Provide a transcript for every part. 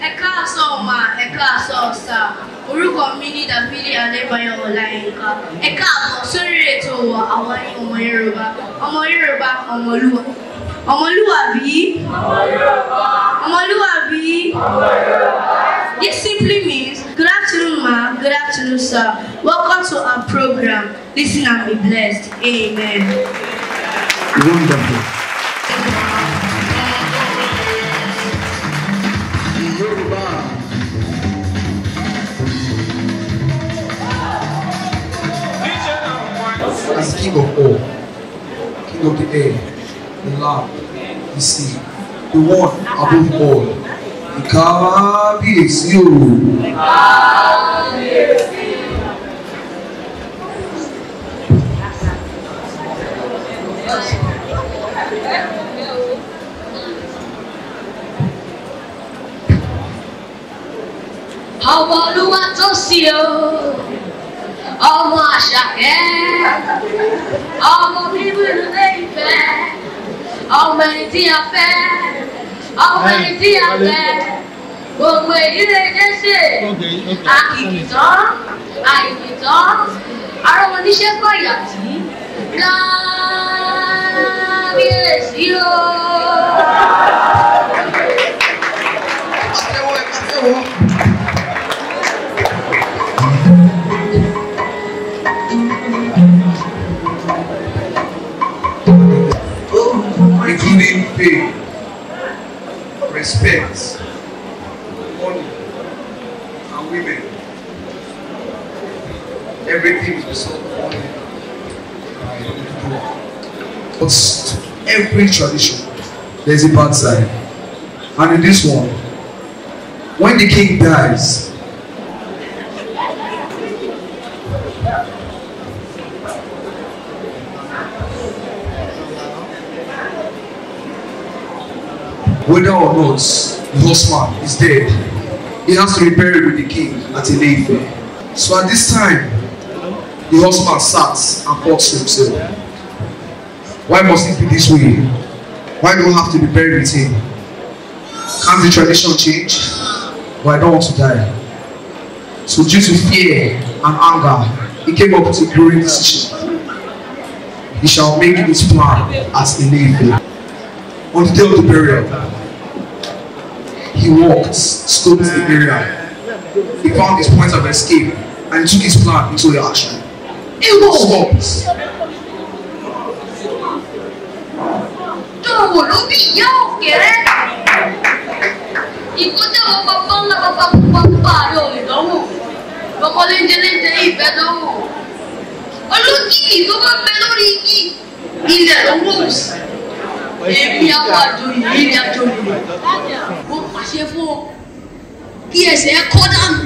Ẹ káàsán ọ̀ma, ẹ káàsán ọ̀sà, orúkọ mi ní Dàbílì Adébáyọ̀ Ọláyínká. Ẹ káàbọ̀ sórí ètò wa àwa ní ọmọ Yorùbá, ọmọ Yorùbá ọmọlúwa. Ọmọlúwa bí? Ọmọlúwa bí? This simply means good afternoon ma, good afternoon sir. Welcome to our program. Listen and be blessed. Amen. Muita força. As king of all, king of the air, the land, the sea, the one above all. The God is you. ọmọ Olúwatósìn o ọmọ Àṣàkẹ́ ọmọ bíbí ìlúlé ìfẹ́ ọmọ ẹni tí a fẹ́ ọmọ ẹni tí a fẹ́ gbogbo ìdílé Jésè àkìkìtàn àìkìtàn arọmọ oníṣẹ́ gbọ́ ìyàtí kábíyèsí o. being paid, respect, money, and women. Everything is so important. But every tradition, there's a bad side. And in this one, when the king dies, whether or not the horseman is dead he has to be buried with the king at Ile-Ife so at this time the horseman sat and thought to himself why must it be this way why do I have to be buried with him can the tradition change but I don't want to die so due to fear and anger he came up with a glorious decision he shall make this plan as a ife on the day of the burial. He walked, scoped the area. He found his point of escape and took his plan into the action. It was stopped. Tòmùlùmí ìyá òkèrè ìkútẹ̀wọ̀ pápá ńlá pápá pupa pupa àrẹ òmìdánwò lọ́mọ léńjẹléńjẹ ìfẹ́ dánwò olókìkí tó bá bẹ lórí igi ilẹ̀ ló wò sí èmi àwọn àjòyè yìí ni àjòyè mo pàṣẹ fún ọ kí ẹsẹ̀ kọ́ dànù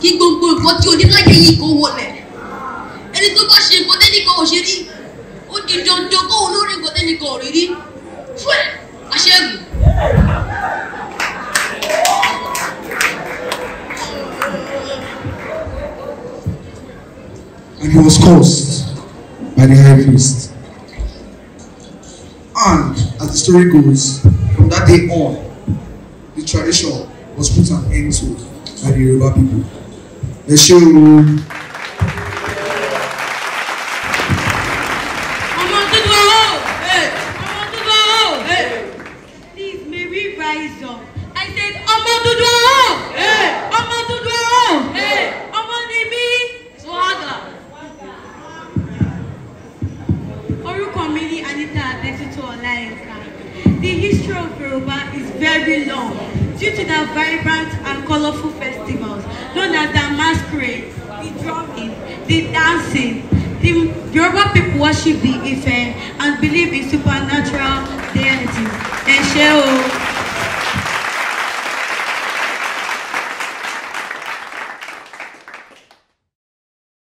kí gbogbo nǹkan tí oníláyé yìí kò wọlé ẹni tó bá ṣe nǹkan tẹ́nìkan ò ṣe rí ó di dandan kó olórí nǹkan tẹ́nìkan ò rí rí fún ẹ aṣẹ́gun. And he was caused by the high priest. And as the story goes, from that day on, the tradition was put an end to by the Yoruba people. Ẹ ṣé history of Yoruba is very long due to their vibrant and colorful festivals known as the masquerades, the drumming, the dancing. The Yoruba people worship the Ife and believe in supernatural deities. Ẹ ṣé